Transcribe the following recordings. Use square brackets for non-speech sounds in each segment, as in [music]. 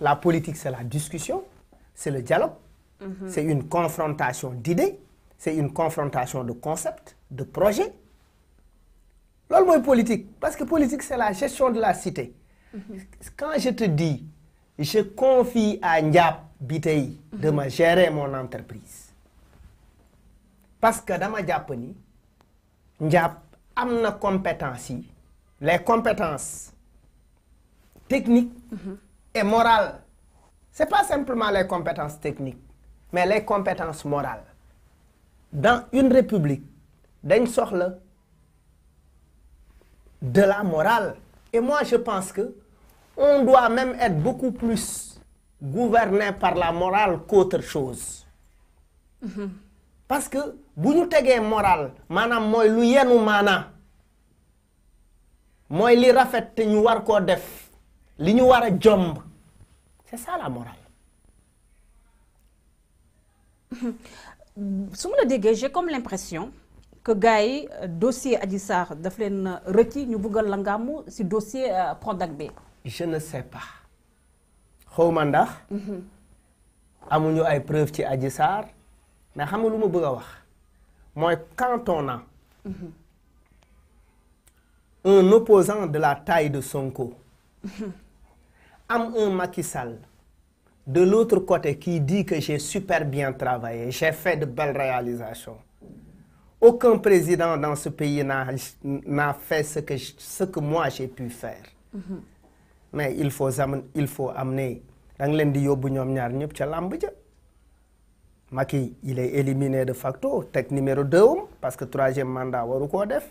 la politique c'est la discussion c'est le dialogue mhm. c'est une confrontation d'idées c'est une confrontation de concepts de projets Lol moy politique parce que politique c'est la gestion de la cité mhm. quand je te dis je confie à Ndiap Bitei de mhm. me gérer mon entreprise parce que dans ma japonie, Ndiap a des compétences. les compétences technique et morale. Ce n'est pas simplement les compétences techniques, mais les compétences morales. Dans une république, sorte sorte de la morale. Et moi, je pense que on doit même être beaucoup plus gouverné par la morale qu'autre chose. Parce que nous avons une morale manam moy lu yenu li li ñu war c'est ça la morale. [laughs] su ma la j'ai comme l'impression que gars euh, dossier Adisar daf leen euh, rëcci ñu bëgg la si dossier euh, Prodac b je ne sais pas xawma ndax. Mhm. amuñu ay preuves ci Adji mais xam nga lu ma bëgg a wax mooy quand on a mhm. un opposant de la taille de Sonko. Mhm am un Macky Sall de l'autre côté qui dit que j'ai super bien travaillé, j'ai fait de belles réalisations. Aucun président dans ce pays n'a fait ce que, moi j'ai pu faire. Mm-hmm. Mais il faut, amener, il faut amener. il est éliminé de facto, tech numéro 2, parce que troisième mandat,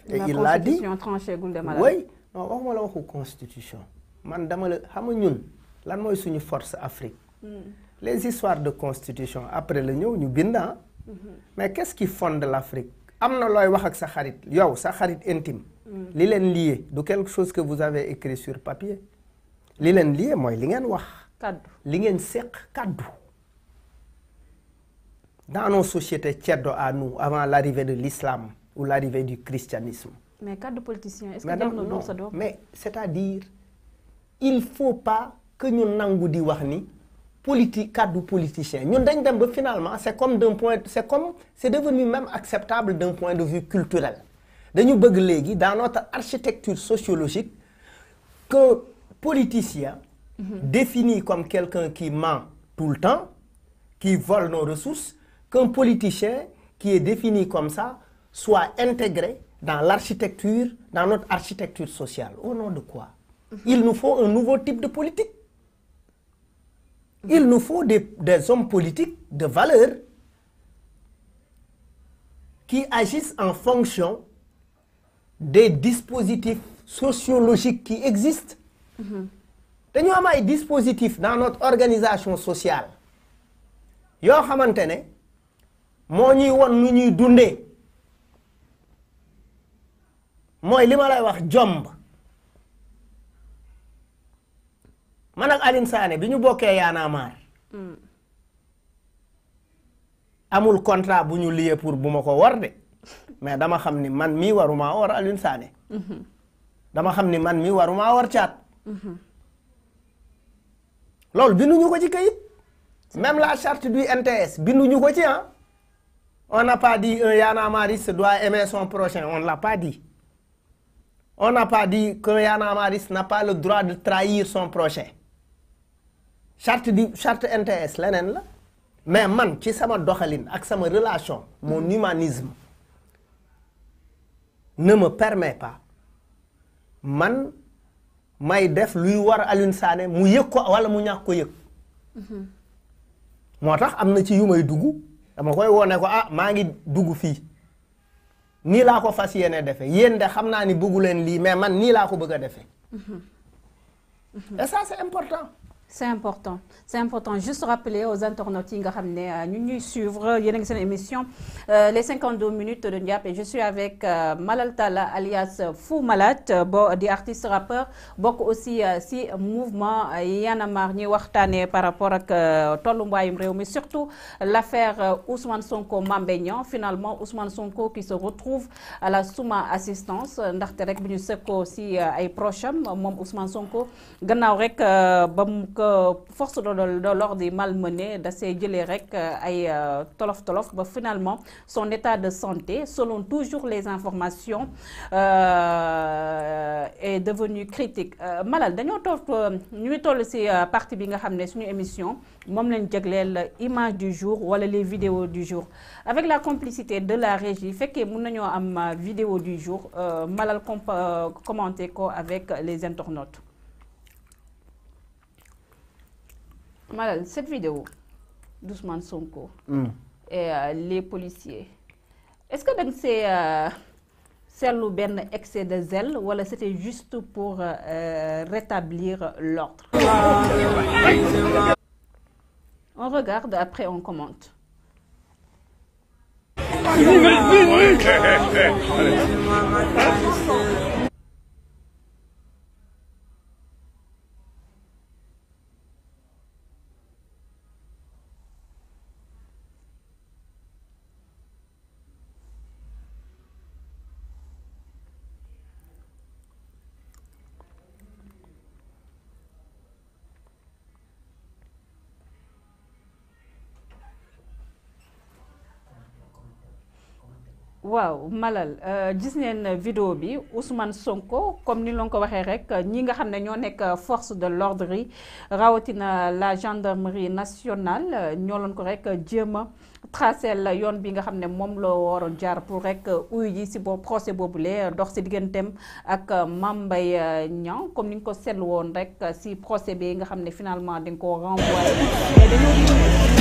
et il l'a dit. Tranchée, oui, non, on va la constitution man dama la xam lan force Afrique. Hmm. les histoires de constitution après le nous ñu là. Ah. Hmm. mais qu'est-ce qui fonde l'Afrique amna loy wax ak sa xarit yow sa xarit intime. Hmm. li len lié du quelque chose que vous avez écrit sur papier li len lié moy li ngeen wax. kaddu li ngeen seq kaddu. dans nos sociétés ceddo à nous avant l'arrivée de l'islam ou l'arrivée du christianisme. mais cadre politicien est-ce que mais c'est-à-dire il faut pas que nous nangu di politique cadre politicien Nous finalement c'est comme d'un point c'est devenu même acceptable d'un point de vue culturel dañu bëgg dans notre architecture sociologique que politicien mhm. défini comme quelqu'un qui ment tout le temps qui vole nos ressources qu'un politicien qui est défini comme ça soit intégré dans l'architecture dans notre architecture sociale au nom de quoi il nous faut un nouveau type de politique. Il nous faut des, hommes politiques de valeur qui agissent en fonction des dispositifs sociologiques qui existent. Nous avons des dispositifs dans notre organisation sociale man ak Alioune Sané ya ñu bokkee hmm. amul contrat buñu lié pour bu war dé mais dama xamni man mi waruma war Alioune Sané hmm. dama xamni man mi waruma war Lol hmm. loolu binduñu ko ci kayit même la charte du NTS binduñu ko ci hein on n'a pas dit un ya na se doit aimer son prochain on l'a pas dit on n'a pas dit que ya na marre n'a pas le droit de trahir son prochain charte di charte NTS leneen la mais man ci sama doxalin ak sama relation mon humanisme ne me permet pas man may def luy war Alioune Sané mu yëg ko wala mu ñàkk ko yëg moo tax am na ci yu may dugg dama koy wone ko ah maa ngi dugg fii nii laa ko fas yéene defe yéen de xam naa ni lii mais man ni la ko bëgg a defe et ça c'est important c'est important c'est important juste rappeler aux internautes qui nous euh, suivre a émission euh, les 52 minutes de Ndiap et je suis avec euh, Malal alias Fou Malat, des des artiste rappeur aussi si mouvement yanamar a marre par rapport à Tolumba mais mais surtout l'affaire Ousmane Sonko Mame finalement Ousmane Sonko qui se retrouve à la Souma Assistance ndaxte rek bi ñu si proche Ousmane Sonko gannaaw rek force de l'ordre yi malmené d'essayer see et rek euh, ay euh, tolof tolof finalement son état de santé selon toujours les informations euh, est devenu critique Malal nous avons ñuy toll si partie bi nga émission lañ image du jour ou les vidéos du jour avec la complicité de la régie nous avons nañoo am vidéo du jour Malal commenté ko avec les internautes. Madame, cette vidéo doucement Sonko hmm. et euh, les policiers, est-ce que c'est euh, celle ou bien excès de zèle ou c'était juste pour euh, rétablir l'ordre On regarde, après on commente. waaw Malal euh, gis neen vidéo bi Ousmane Sonko comme ni la ko waxee rek ñi nga xam ne ñoo nekk force de l'ordre yi rawatina la gendarmerie nationale ñoo loon ko rek jéem a tracé la yoon bi nga xam ne moom loo waroon jaar pour rek uyu ji si boo procès lee dox si digganteem ak Mame Mbaye Niang comme ni nga ko seetlu woon rek si procès bi nga xam ne finalement dañ ko renvoyé mais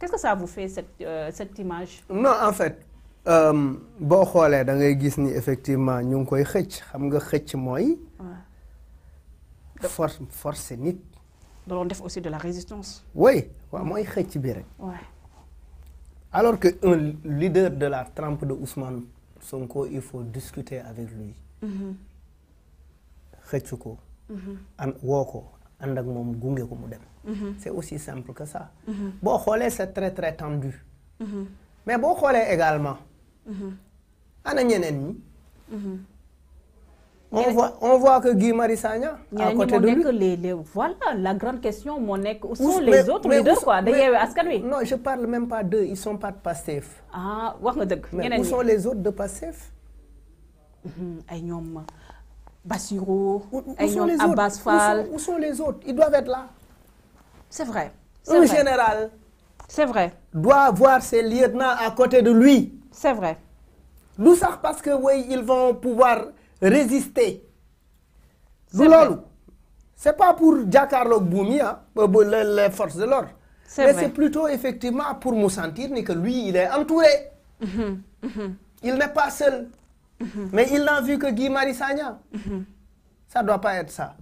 Qu'est-ce que ça vous fait, euh, cette, image Non, en fait, euh, si effectivement ñu koy xam nga force force aussi de la résistance. oui alors que leader de la trempe de Ousmane Sonko il faut discuter avec lui. Mm-hmm ànd ak moom ko mu dem. Mhm. c'est aussi simple que ça. Mhm. bo xolé c'est très très tendu. Mhm. mais bo xolé également. ana ñeneen ni on voit on voit que Guy Marius à côté de lui les les voilà la grande question mon nekk. où sont les autres deux quoi de Askan Wi. non je parle même pas d'eux ils sont pas de passif ah wax nga deug ñeneen où sont les autres de passif ay ñoom. Bassirou, Abbas Où, sont les autres Ils doivent être là. C'est vrai. Le général. C'est vrai. Doit avoir ses lieutenants à côté de lui. C'est vrai. Nous ça parce que oui, ils vont pouvoir résister. Nous C'est pas pour Giancarlo Boumi, ah, les forces de l'ordre. Mais c'est plutôt effectivement pour me sentir que lui, il est entouré. Mhm, mhm. Il n'est pas seul. Mhm. Mais il n'a vu que Guy Marissagna. Mhm. Ça ne doit pas être ça.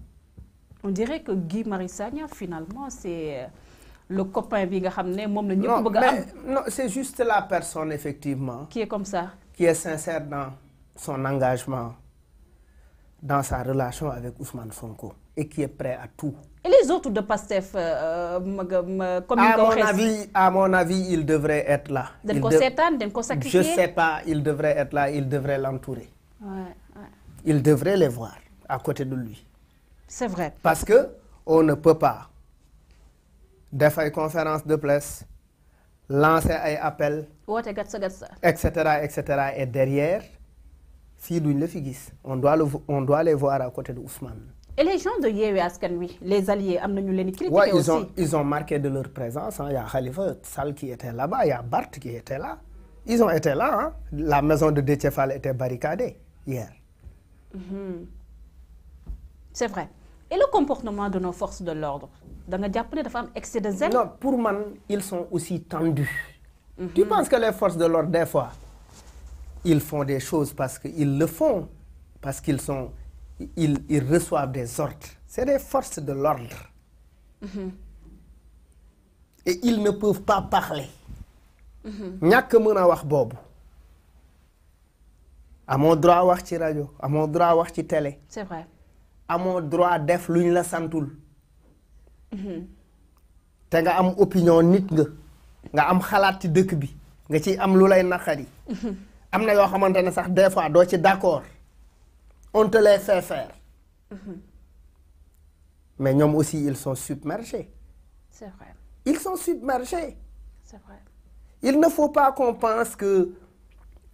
On dirait que Guy Marissagna, finalement, c'est euh, le copain Non, non c'est juste la personne, effectivement. Qui est comme ça. Qui est sincère dans son engagement, dans sa relation avec Ousmane Fonko et qui est prêt à tout les autres de PASTEF, euh, euh, euh, à mon, avis, à mon avis, ils devraient être là. Je ne sais pas, il devrait être là, il devrait l'entourer. Ouais, ouais. Ils devraient les voir à côté de lui. C'est vrai. Parce que on ne peut pas faire une conférence de presse, lancer un appel, etc., etc. Et derrière, si on doit, on doit les voir à côté de Ousmane. Et les gens de Yewe oui, les alliés, ils ouais, ils, ont, ils ont marqué de leur présence. Il hein. y a Khalifa Sal qui était là-bas, il y a Bart qui était là. Ils ont été là. Hein. La maison de Détchefal était barricadée hier. Mhm. C'est vrai. Et le comportement de nos forces de l'ordre Dans le diapositive de femmes excès de zèle Non, pour moi, ils sont aussi tendus. Mhm. Tu penses que les forces de l'ordre, des fois, ils font des choses parce qu'ils le font, parce qu'ils sont ils, ils reçoivent des ordres. C'est des forces de l'ordre. Mm -hmm. Et ils ne peuvent pas parler. Mm-hmm. ñàkk mën a wax à mon droit wax ci à mon droit wax ci télé. c'est vrai. mon droit def lu ñu la santul. Mm-hmm. te nga am opinion nit nga. nga am xalaat ci deuk bi. nga ci am lu lay naqari. Mm-hmm. am na yo xamante sax des fois do ci d'accord on te les fait faire. Mhm. Mais nous aussi ils sont submergés. C'est vrai. Ils sont submergés. C'est vrai. Il ne faut pas qu'on pense que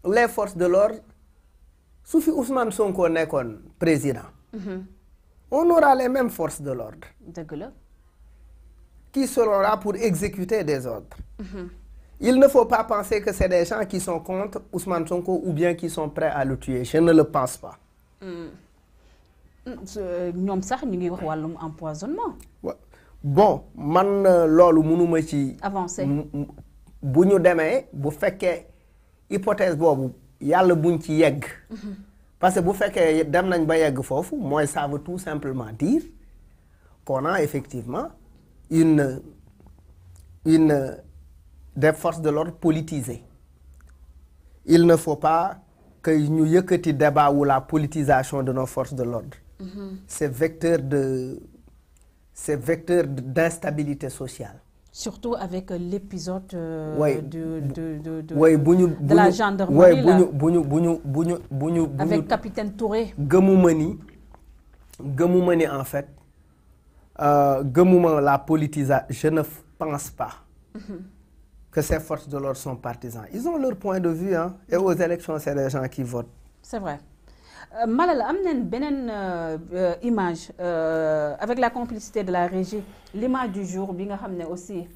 les forces de l'ordre sous Ousmane Sonko qu'un président. Mhm. on aura les mêmes forces de l'ordre. De qui seront là pour exécuter des ordres. Mhm. il ne faut pas penser que c'est des gens qui sont contre Ousmane Sonko ou bien qui sont prêts à le tuer je ne le pense pas. Euh, ñom sax ñu ngi wax walum empoisonnement. bon man euh, loolu mënuma ci. avancer buñu démé bu féké hypothèse bobu yalla buñ ci yegg. Mhm. parce que bu féké dem nañ ba yegg fofu moy ça veut tout simplement dire qu'on a effectivement une une des forces de l'ordre politisées. Il ne faut pas que ñu yëkëti débat wu la politisation de nos forces de l'ordre mm-hmm. c'est vecteur de c'est vecteur d'instabilité sociale surtout avec euh, l'épisode euh, de, de, de, de, ouais, de la gendarmerie Oui, avec capitaine Touré Gemoumani Gemoumani en fait euh, la politisation je ne pense pas mm-hmm que ces forces de l'ordre sont partisans. Ils ont leur point de vue, hein, et aux élections, c'est les gens qui votent. C'est vrai. Euh, malal, amenez benen euh, euh, image avec la complicité de la régie. L'image du jour, bien aussi.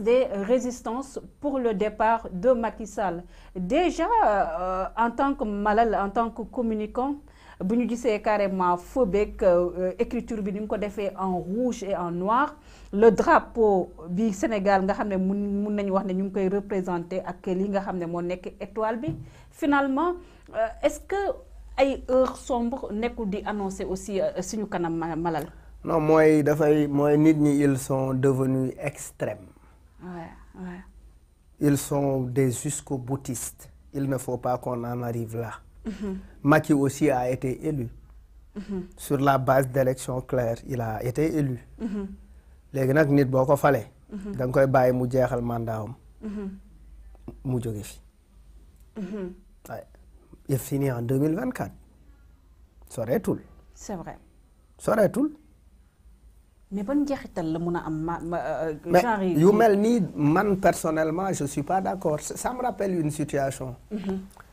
des résistances pour le départ de Macky Sall. Déjà, en tant que malal, en tant que communicant, vous nous carrément phobique, euh, est en rouge et en noir le drapeau du Sénégal nga avons représenté mun mun wax ñu étoile finalement euh, est-ce que ay heures sombres nekkul di annoncer aussi euh, suñu kanam malal. non moi ils sont devenus extrêmes. ils sont des jusqu'au boutistes il ne faut pas qu'on en arrive là. Mm Macky aussi a été élu. Mhm. sur la base d'élections claires il a été élu. Mhm léegi nak nit boko falé mhm. dang Donc, koy baye mu jeexal mandatum. Mhm. mu jóge fi. Mhm. waaye yëf en 2024. mille c'est vrai. mais bon, njeexital la am euh, euh, genre yu mel ni man personnellement je suis pas d'accord ça me rappelle une situation.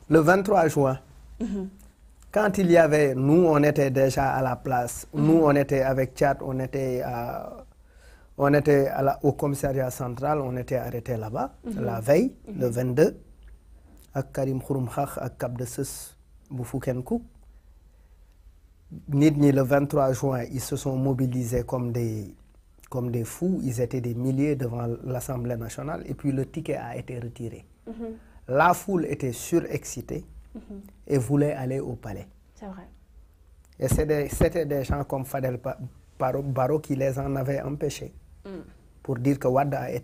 le 23 juin. quand il y avait nous on était déjà à la place. nous on était avec Tchad on était à. On était au commissariat central, on était arrêté là-bas, mhm. la veille, mhm. le 22, à Karim Khouroum à Cap de Sus, le 23 juin, ils se sont mobilisés comme des, comme des fous. Ils étaient des milliers devant l'Assemblée nationale. Et puis le ticket a été retiré. Mhm. La foule était surexcitée et voulait aller au palais. C'est vrai. Et c'était des, gens comme Fadel Baro qui les en avaient empêchés pour dire que Wanda a été